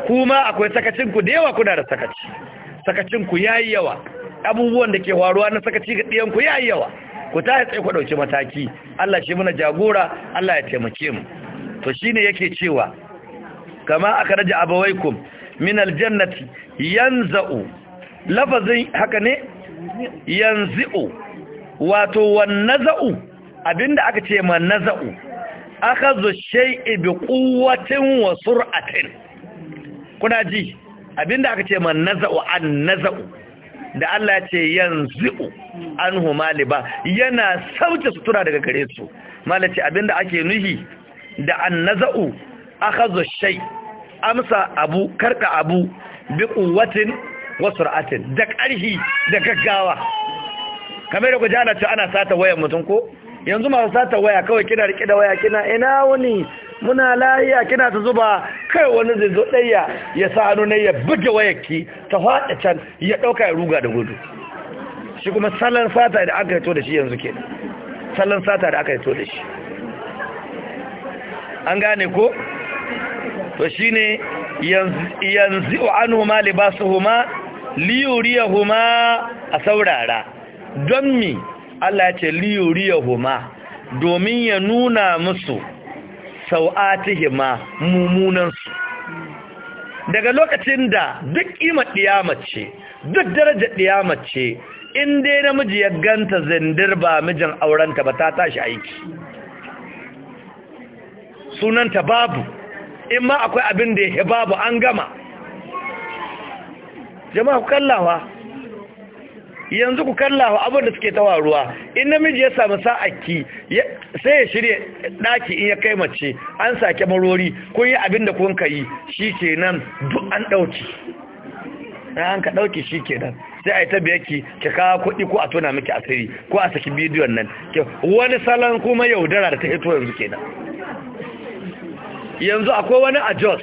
kuma akwai sakacinku da yawa kuna da sakaci sakacinku yayi yawa abubuwan da ke waruwa na sakaci ga ku yayi yawa ku ta tsaye ku dauki mataki Allah shi muna jagora Allah ya taimake mu to shine yake cewa kama raja abawaykum min aljannati yanzu lafazin haka ne yanzi'u wato wannaza'u abinda aka ce ma naza'u akhadhu shay'i bi quwwatin wa sur'atin kuna ji abinda aka ce ma naz'u an naz'u da Allah ce yanzu an anhu maliba yana sauke sutura daga gare su abin abinda ake nuhi da annaza'u akhadhu shay amsa abu karka abu bi quwwatin wa sur'atin da ƙarhi da gaggawa kamar da ku ce ana sata wayar mutum ko yanzu masu sata waya kawai kina rike da waya kina ina wani muna layiya kina ta zuba kai wani zai zo ɗaya ya sa hannu na ya buge wayarki ta haɗa can ya ɗauka ya ruga da gudu shi kuma salon sata da aka hito da shi yanzu ke salon sata da aka hito da shi an gane ko to shi ne yanzu wa an huma libasu huma liyuriya huma a saurara don mi Allah ya ce liyuriya huma domin ya nuna musu sau'atihima su. daga lokacin da duk ƙimar ɗiyamace duk darajar mace, in dai namiji ya ganta zindir ba mijin aurenta ba ta tashi aiki sunanta babu in ma akwai abin da ya babu an gama jama'a kallawa yanzu ku kalla wa abin da suke tawa ruwa in namiji ya samu sa'aki sai ya shirya daki in ya kai mace an sake marori kun yi abin da kun kai shi ke nan, duk an dauki an ka dauki shi nan. sai a yi tabi yake ki kawo kuɗi ko a tona miki asiri ko a saki bidiyon nan wani salon kuma yaudara da ta hito yanzu ke nan yanzu akwai wani a jos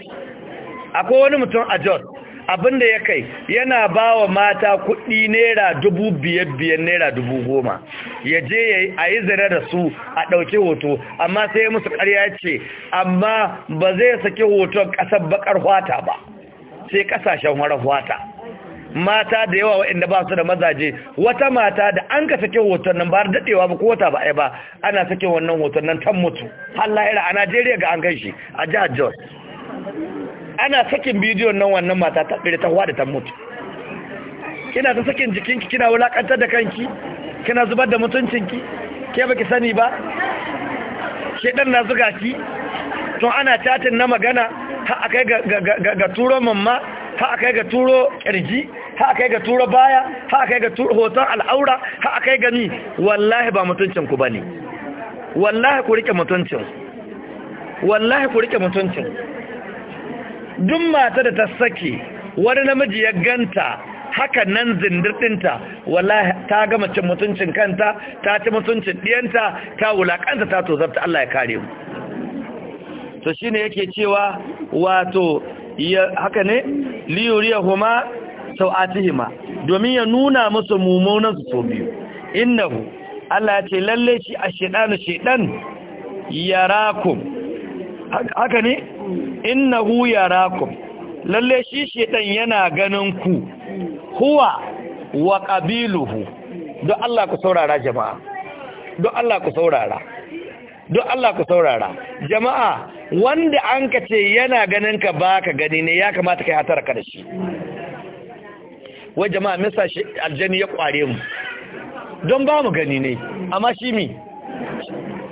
akwai wani mutum a jos da ya kai yana ba wa mata kuɗi naira dubu biyar biyar naira dubu goma ya je a yi zira da su a ɗauki hoto amma sai ya musu ƙarya ce amma ba zai saki hoton ƙasar baƙar hwata ba sai ƙasashen wara hwata mata da yawa waɗanda ba su da mazaje wata mata da an ka sake hoton nan ba daɗewa ba ko wata ba ai ba ana sake wannan hoton nan tan mutu har lahira a Najeriya ga an kai shi a jihar Jos ana sakin bidiyon nan wannan mata ta tsire ta da ta mutu kina ta sakin jikinki kina wulakantar da kanki kina zubar da mutuncinki ke baki sani ba shedan na zuga ki tun ana chatin na magana ha akai ga ga ga turo mamma ha akai ga turo kirji ha akai ga turo baya ha akai ga turo hoton al'aura ha akai ga ni wallahi ba mutuncinku ba ne, wallahi ku rike mutuncin wallahi ku rike mutuncin duk mata da ta sake wani namiji ya ganta haka nan zindirɗinta wallahi ta gama cin mutuncin kanta ta ci mutuncin ɗiyanta ta wulaƙanta ta tozarta Allah ya kare mu to shine yake cewa wato haka ne liyuriya huma sau'atihima domin ya nuna musu mummunan su so biyu innahu Allah ya ce lalle shi a shedanu shedan yarakum haka ne Inna yara ku lalle shi ɗan yana ganin ku huwa wa qabiluhu don Allah ku saurara jama'a don Allah ku saurara don Allah ku saurara jama'a wanda an ka ce yana ganin ka baka gani ne ya kamata kai hatar ka da shi wai jama'a misa aljani ya kware mu don ba mu gani ne amma shi mi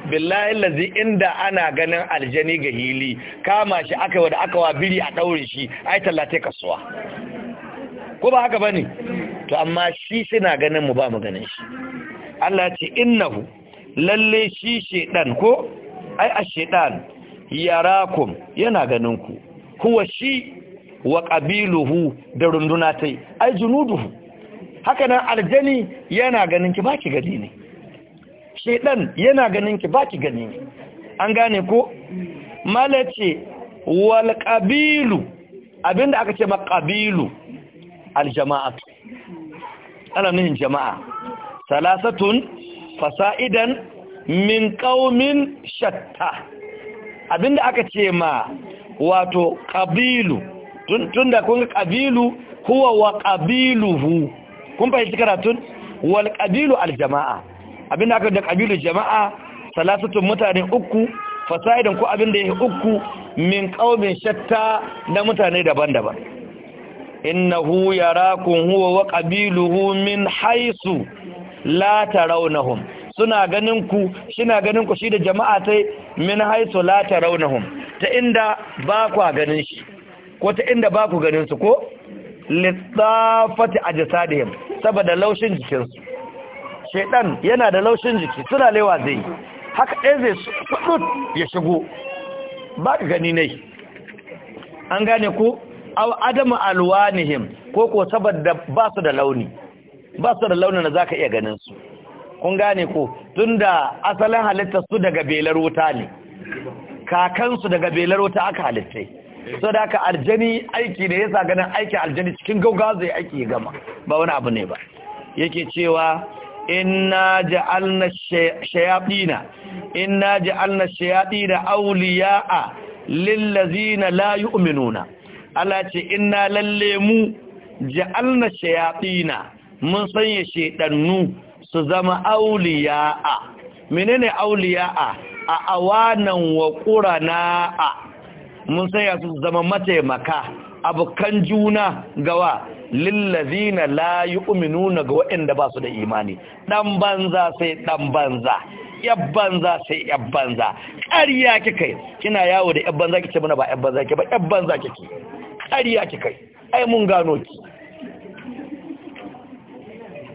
billahi lazi inda ana ganin aljani ga hili kama shi aka wada aka wa biri a daure shi ai tallate kasuwa ko ba haka bane to amma shi suna ganin mu ba mu ganin shi Allah ce innahu lalle shi shedan ko ai a shedan yarakum yana ganin ku huwa shi wa qabiluhu da runduna tai ai junuduhu haka nan aljani yana ganin ki baki gadi ne shedan yana ganin ki baki gani an gane ko malace ce wal qabilu abinda aka ce maqabilu al jama'atu ala jama'a salasatun fasa'idan min qaumin shatta abinda aka ce ma wato qabilu tunda kun ga qabilu huwa wa qabiluhu kun fahimci karatun wal qabilu al jama'a Abin da aka da kabilu jama'a salasatun mutane uku fasahidan ko da ya uku min qaumin shatta na mutane daban-daban innahu yarakum huwa wa qabiluhu min haisu la tarawnahum suna ganin ku shina ganin ku shi da jama'a tai min haisu la tarawnahum ta inda ba ku ganin shi ko ta inda ba ku ganin su ko ajsadihim saboda laushin jikinsu ɗan yana da laushin jiki suna lewa zai haka ɗaya zai faɗuɗ ya shigo ba ka gani ne an gane ku adamu alwanihim ko ko saboda ba su da launi ba su da launin da zaka iya ganin su kun gane tun tunda asalin halittar su daga belar wuta ne kakansu daga belar wuta aka halittai, sau da aka aljani aiki ne yasa ganin aiki aljani cikin gaugawa zai aiki gama ba wani abu ne ba yake cewa inna ja'alna shayatina inna ja'alna shayatina awliya'a lillazina la yu'minuna Allah ce inna lalle mu ja'alna shayatina mun sanya shedannu su zama awliya'a menene awliya'a a awanan wa qurana'a mun sanya su zama mataimaka abukan juna gawa lillazina la yu'minuna ga waɗanda ba su da imani dan banza sai dan banza yan banza sai yan banza ƙarya kike kina yawo da yan banza kike muna ba yan banza kike ba yan banza kike ƙarya kike ai mun gano ki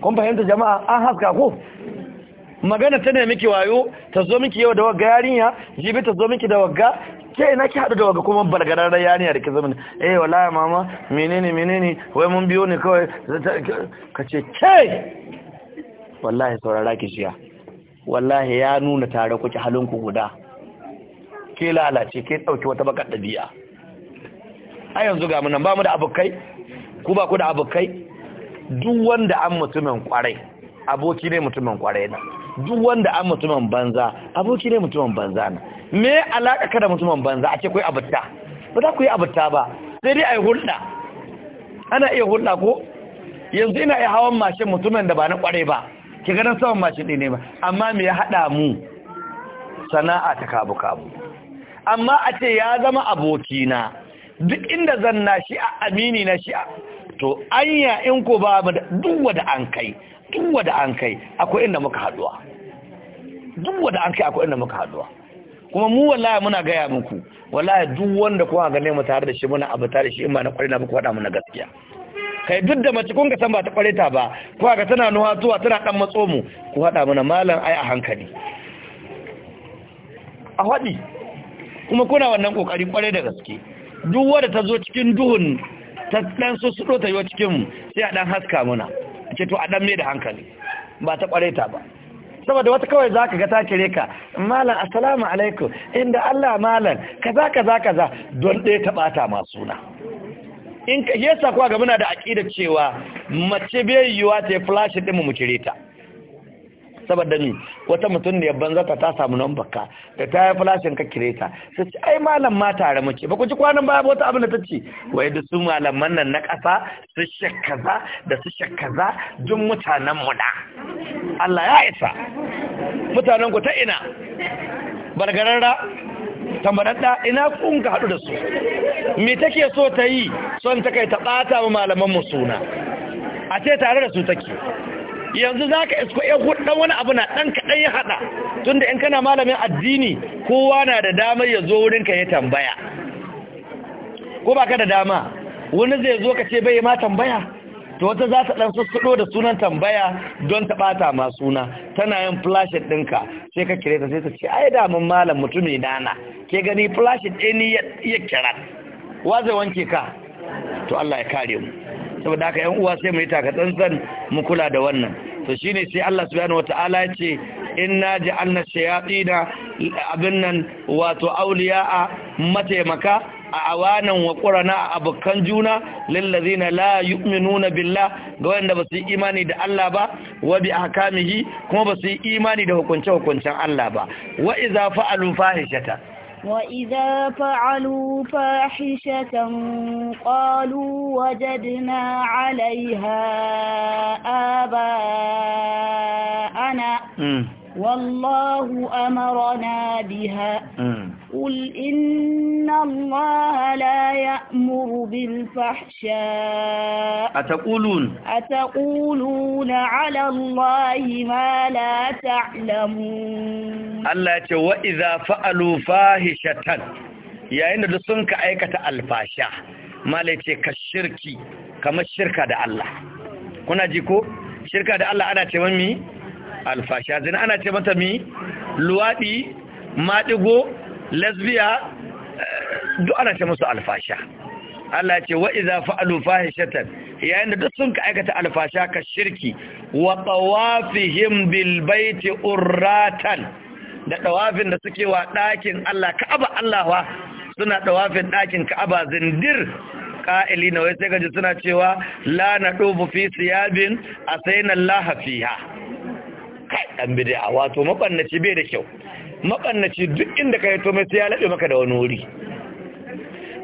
kun fahimta jama'a an haska ko magana ta ne miki wayo ta zo miki yau da wagga yarinya jibi ta zo miki da wagga ke ina ki haɗu da waga kuma da yaniya da ke zama eh wallahi mama menene menene wai mun biyo ne kawai ka ce ke wallahi saurara ki jiya wallahi ya nuna tare kuke halinku guda ke lalace ke ɗauki wata bakar ɗabi'a a yanzu ga munan ba mu da abokai ku ba ku da abokai duk wanda an mutumin kwarai aboki ne mutumin kwarai na duk wanda an mutumin banza aboki ne mutumin banza na me alaka kada mutumin banza a ce kai yi ba za ku yi abuta ba sai dai a yi hulɗa ana iya hulɗa ko yanzu ina iya hawan mashin mutumin da ba na ƙware ba ki ganin saman mashin ɗin ne ba amma me ya haɗa mu sana'a ta kabu-kabu amma a ce ya zama abokina duk inda zan na shi a amini na shi a to anya in ko ba mu duk da an kai duk da an kai akwai inda muka haɗuwa. duk da an kai akwai inda muka haduwa kuma mu wallahi muna gaya muku wallahi duk wanda kuma ga ne mu tare da shi muna abu tare shi in ba na kwarina na muku mana gaskiya kai duk da mace kun ga san ba ta kware ta ba kuma ga tana nuwa zuwa tana dan matso mu ku haɗa mana malam ai a hankali a haɗi kuma kuna wannan kokari kware da gaske duk wanda ta zo cikin duhun ta dan so su ta yi cikin mu sai a dan haska muna ce to a dan mai da hankali ba ta kware ba saboda wata kawai za ka ga ta ka malam assalamu alaikum inda Allah malam kaza kaza kaza don ɗaya ta bata ma suna in ka yasa kuwa ga muna da aƙidar cewa mace bai yiwuwa ta flash ɗin mu mu kire ta saboda ni wata mutum da yabban banza ta samu nan baka, da ta yi flashin ka kireta sai ce ai malam ma tare muke ba ku ji kwanan baya wata abin da ta ce wai da su malaman nan na ƙasa su shakkaza da su shakkaza duk mutanen mu da Allah ya isa mutanen ku ta ina bargararra tambaradda ina kun ka haɗu da su me take so ta yi son ta kai ta tsata ma malaman mu suna a ce tare da su take yanzu za ka isko ya hudu wani abu na ɗan kaɗan ya haɗa tunda in kana malamin addini kowa na da damar ya zo wurinka ya tambaya ko ba ka da dama wani zai zo ka ce bai yi ma tambaya to wata za ta ɗan sussuɗo da sunan tambaya don ta ɓata ma suna tana yin flashin ɗinka sai ka kire ta sai ta ce ai damun malam mutumi dana ke gani flashin ɗin ya kira wa zai wanke ka to Allah ya kare mu saboda haka yan uwa sai mu yi taka tsantsan mu kula da wannan to shine sai Allah subhanahu wataala ya ce inna ja'alna shayatina abin nan wato auliya'a mataimaka a awanan wa qurana abukan juna lillazina la yu'minuna billah ga wanda ba su yi imani da Allah ba wa bi ahkamihi kuma ba su yi imani da hukunce hukuncen Allah ba wa idza fa'alu fahishata وإذا فعلوا فاحشة قالوا وجدنا عليها آباءنا والله أمرنا بها قل إن الله لا يأمر بالفحشاء أتقولون أتقولون على الله ما لا تعلمون الله وإذا فعلوا فاهشة yayin da duk sun ka aikata alfasha malai ce ka shirki kamar shirka da Allah kuna ji ko shirka da Allah ana ce mi alfasha zina ana ce mi luwaɗi, maɗigo lesbiya duk ana ce musu alfasha Allah ce wa idza fa'alu fahishatan yayin da duk sun ka aikata alfasha ka shirki wa tawafihim bil baiti urratan da tawafin da suke wa dakin Allah Ka'aba Allah suna tawafin dakin Ka'aba zindir qa'ili na wai sai gaji suna cewa la nadubu fi siyabin asayna Allah fiha kai dan bid'a wato mabannaci bai da kyau maɓannaci duk inda ka yato mai sai ya laɓe maka da wani wuri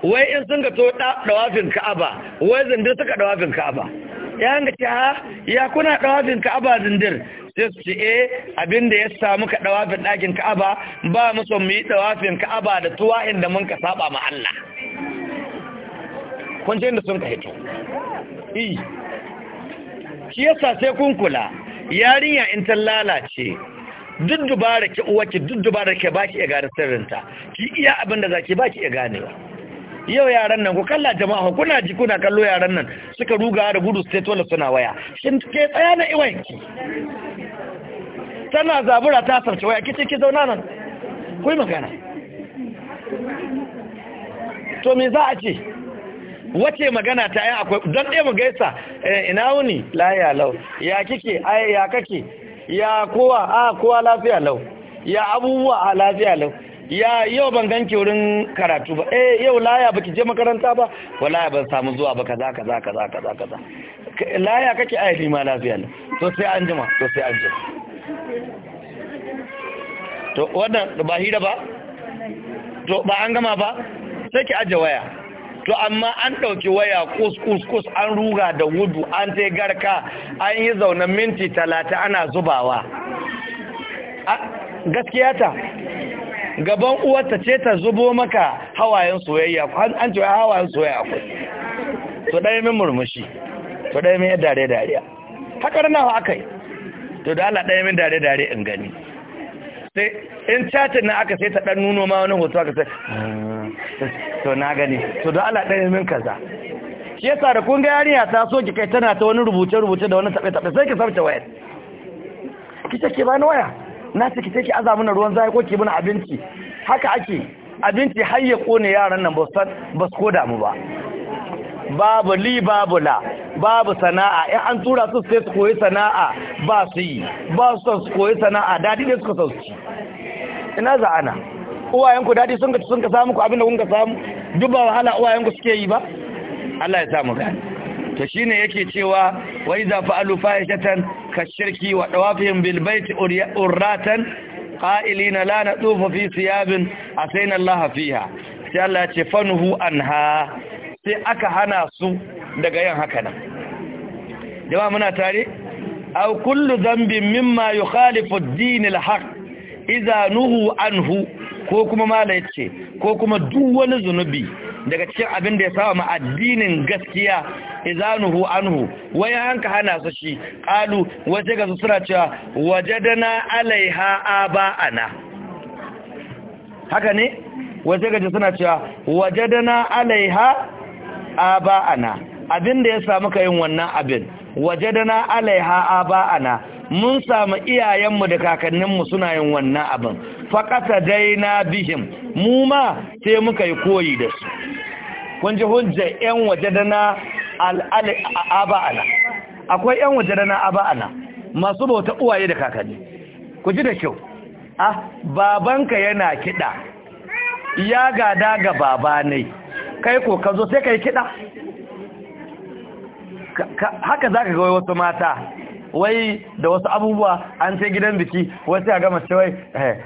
wai in sun ga to ɗawafin ka'aba wai zindir suka ɗawafin ka'aba ya hanga ce ha ya kuna ɗawafin ka'aba zindir sai su ce e eh, abinda ya samu ka ɗawafin ɗakin ka'aba ba mu son mu yi ɗawafin ka'aba da tuwa inda mun ka saba ma Allah kun ce inda sun ka hito i shi yasa sai kun kula yarinya in ta lalace duk dubara ki uwarki duk dubara ke ba ki iya gane sirrinta ki iya abin da zaki ba ki iya ganewa yau yaran nan ku kalla jama'a kuna ji kuna kallo yaran nan suka ruga da gudu state wala suna waya shin ke tsaya na ki tana zabura ta sarce waya kici ki zauna nan ku magana to me za a ce wace magana ta yi akwai don ɗaya mu gaisa eh, ina wuni la ya lau ya kike ai ya kake ya kowa a kowa lafiya lau ya abubuwa a lafiya lau ya yau ban ganke wurin karatu ba eh yau laya baki je makaranta ba wallahi ban samu zuwa ba kaza kaza kaza kaza kaza laya kake ai ma lafiya lau to sai an jima to sai an jima to wannan ba hira ba to ba an gama ba sai ki aje waya to amma an ɗauki waya kus-kus kus an ruga da wudu an ta garka an yi zaune minti talata ana zubawa gaskiya ta gaban uwarta ce ta zubo maka hawayen soyayya an ce hawayen soyayya ku to ɗaya min murmushi to ɗaya min dare dariya haka nawa aka yi to da ala ɗaya min dare dare in gani sai in chatin na aka sai ta ɗan nuno ma wani hoto aka sai to na gani to don Allah ɗaya min kaza shi yasa da kun ga yarinya ta so ki kai tana ta wani rubuce rubuce da wani tabe tabe sai ki sabta wayar ki take ba ni waya na ce ki take aza mana ruwan zai ko ki mana abinci haka ake abinci har ya kone yaran nan ba su ko damu ba babu li babu la babu sana'a in an tura su sai su koyi sana'a ba su yi ba su su koyi sana'a dadi ne suka sauci ina za'ana uwayenku dadi sun ka sun ka samu ku abin da kun ka samu duk ba wahala uwayenku suke yi ba Allah ya samu gani to shine yake cewa wa iza fa'alu fahishatan shirki wa dawafihim bil baiti urratan qa'ilina la natufu fi siyabin asaina Allah fiha sai Allah ya ce fanhu anha sai aka hana su daga yin haka nan jama'a muna tare aw kullu dhanbin mimma yukhalifu ad-din al-haq idza nuhu anhu ko kuma mala ce ko kuma duk wani zunubi daga cikin abin da ya saba ma addinin gaskiya izanuhu anhu wai hanka hana su shi qalu waje ga su suna cewa wajadana alaiha aba'ana haka ne waje ga suna cewa wajadana alaiha aba'ana abin da ya samu kayin wannan abin wajadana alaiha aba'ana mun samu iyayenmu da kakanninmu suna yin wannan abin Faƙasa dai daina bihim mu ma sai muka yi koyi da su kun ji hujjar 'yan waje da na aba'ana akwai 'yan waje da na aba'ana masu bauta uwaye da kakanni ku ji da kyau ah babanka yana kiɗa ya gada ga babanai kai ko ka zo sai ka yi kiɗa haka za ka ga wasu mata wai da wasu abubuwa an ce gidan biki wai sai a gama wai eh,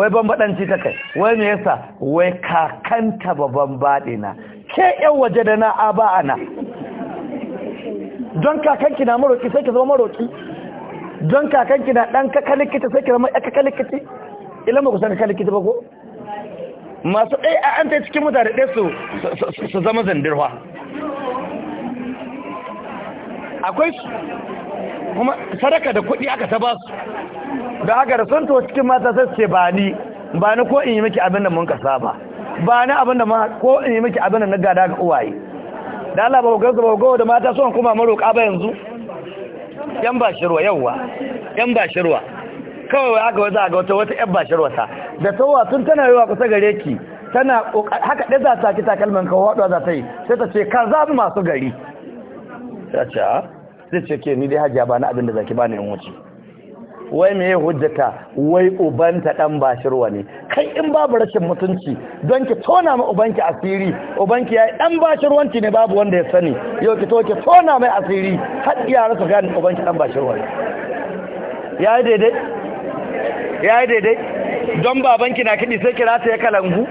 wai bambadanci ta kai wai me yasa wai kakanta ba bambaɗe na ke yan waje da na a ba ana don kakanki na maroki sai ki zama maroki don kakanki na ɗan kakalikita sai ki zama kakalikiti ilan ba ku san kakalikiti ba ko masu ɗaya a an ta cikin mutane ɗaya su zama zandirwa akwai kuma sadaka da kuɗi aka ta ba su da haka da sun to cikin mata sai ce ba ni ba ni ko in yi miki abin da mun ka saba ba ni abin da ma ko in yi miki abin da na gada ga uwaye da Allah ba ku ba ku da mata son kuma maroƙa ba yanzu yan ba shirwa yawwa yan ba shirwa kawai wai aka wata ga wata wata yan ba shirwa ta da tawa sun tana yawa kusa gare ki tana haka ɗaya za ta ki takalman kawo waɗuwa za ta yi sai ta ce ka zaɓi masu gari ta ce zai ce ke ni dai hajiya ba na abin da zaki ba wuce wai me hujjata wai ubanta dan bashirwa ne kai in babu rashin mutunci don ki tona ma ubanki asiri ubanki yayi dan bashirwanci ne babu wanda ya sani yau ki to ki tona mai asiri har yara su uban ubanki dan bashirwa ne yayi daidai yayi daidai don babanki na kidi sai kira ta ya kalangu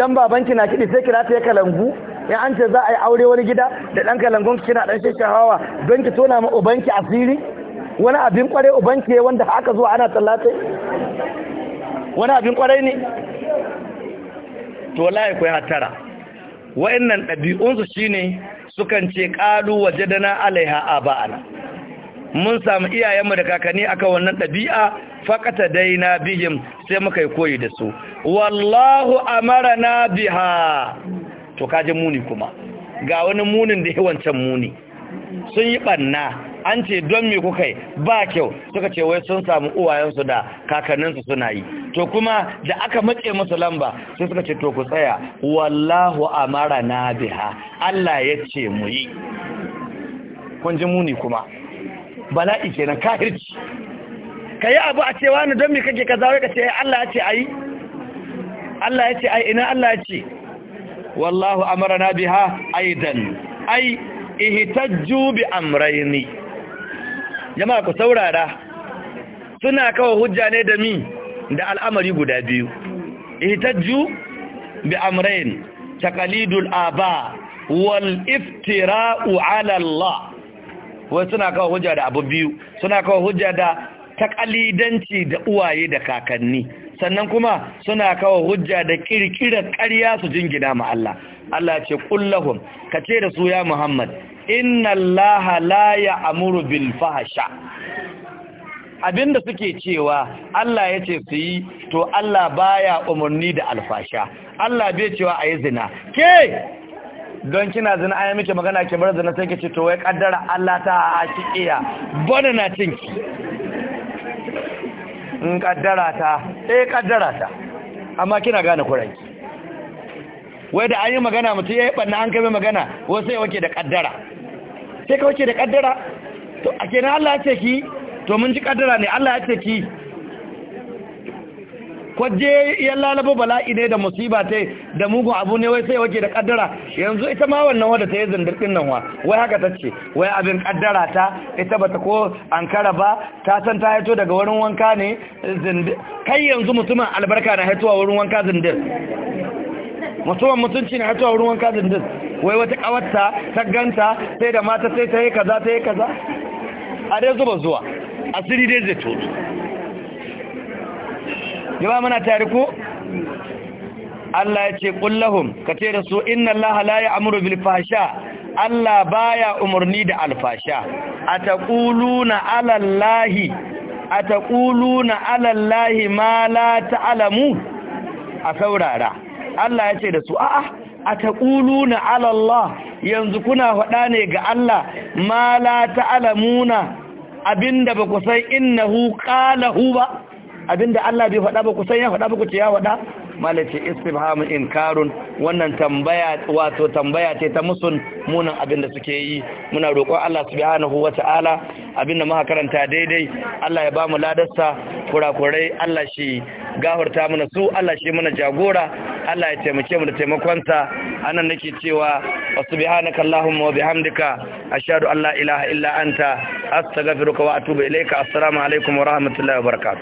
dan babanki na kidi sai kira ta ya kalangu ya an ce za a yi aure wani gida da ɗan kalangon kina ɗan shashahawa don ki tona ma ubanki asiri wani abin kwarai ubanki ya wanda haka zuwa ana tallace wani abin kwarai ne to wallahi ku hatara wa'annan ɗabi'unsu shine sukan ce ƙalu wajadana alaiha aba'ana mun samu iyayenmu da kakanni aka wannan ɗabi'a faƙata daina bihim sai muka yi koyi da su wallahu amarana biha to kaji muni kuma ga wani munin da yawancan muni sun yi ɓanna an ce don me kuka yi ba kyau suka ce wai sun samu uwayensu da kakanninsu suna yi to kuma da aka matse musu lamba sai suka ce to ku tsaya wallahu amara na biha Allah ya ce mu yi kun ji muni kuma bala'i kenan kahirci ka yi abu a cewa ni don me kake ka zawai ka ce Allah ya ce ayi Allah ya ce ai ina Allah ya ce wallahu amarna biha aidan ai ihtajju bi amrayni jama'a ku saurara suna kawo hujja ne da mi da al'amari guda biyu ihtajju bi amrayn taqalidul aba wal iftira'u ala Allah suna kawo hujja da abu biyu suna kawo hujja da da uwaye da kakanni sannan kuma suna kawo hujja da kirkirar ƙarya su jingina ma Allah Allah ce kullahum ka ce da su ya Muhammad inna Allah la ya'muru bil fahsha abinda suke cewa Allah ya ce su yi to Allah baya umarni da alfasha Allah bai cewa a yi zina ke don kina zina ayi miki magana ki bar zina sai ki ce to wai kaddara Allah ta a bana na cinki in kaddara ta eh kaddara ta amma kina gane kurai wai da an yi magana mutum ya yi ɓanna an kai magana wai sai wake da kaddara sai ka wake da kaddara to a kenan Allah ya ce ki to mun ji kaddara ne Allah ya ce ki kwaje ya lalaba bala'i ne da musiba ta da mugun abu ne wai sai wake da kaddara yanzu ita ma wannan wadda ta yi zindirkin nan wa wai haka ta ce wai abin kaddara ta ita ba ta ko ankara ba ta san ta haito daga wurin wanka ne kai yanzu mutumin albarka na haituwa wurin wanka zindir mutumin mutunci na haituwa wurin wanka zindir wai wata kawarta ta ganta sai da mata sai ta yi kaza ta yi kaza a dai zuba zuwa asiri dai zai toto jama'a muna tare ko Allah ya ce kullahum ka ce da su inna Allah la ya'muru bil fahsha Allah baya umurni da alfasha ataquluna ala Allahi ataquluna ala ma la ta'lamu a saurara Allah ya ce da su a'a ataquluna ala Allah yanzu kuna faɗa ne ga Allah ma la ta'lamuna abinda ba ku san innahu qalahu ba Abin da Allah bai faɗa ba ku san ya faɗa ba ku ce ya faɗa malace istifhamu inkarun wannan tambaya wato tambaya ce ta musun munan abinda suke yi muna roƙon Allah subhanahu wata'ala abinda muka karanta daidai Allah ya bamu ladarsa kurakurai Allah shi gafarta mana su Allah shi mana jagora Allah ya taimake mu da taimakonsa anan nake cewa subhanaka allahumma wa bihamdika ashhadu an la ilaha illa anta astaghfiruka wa atubu ilayka assalamu alaikum wa rahmatullahi wa barakatuh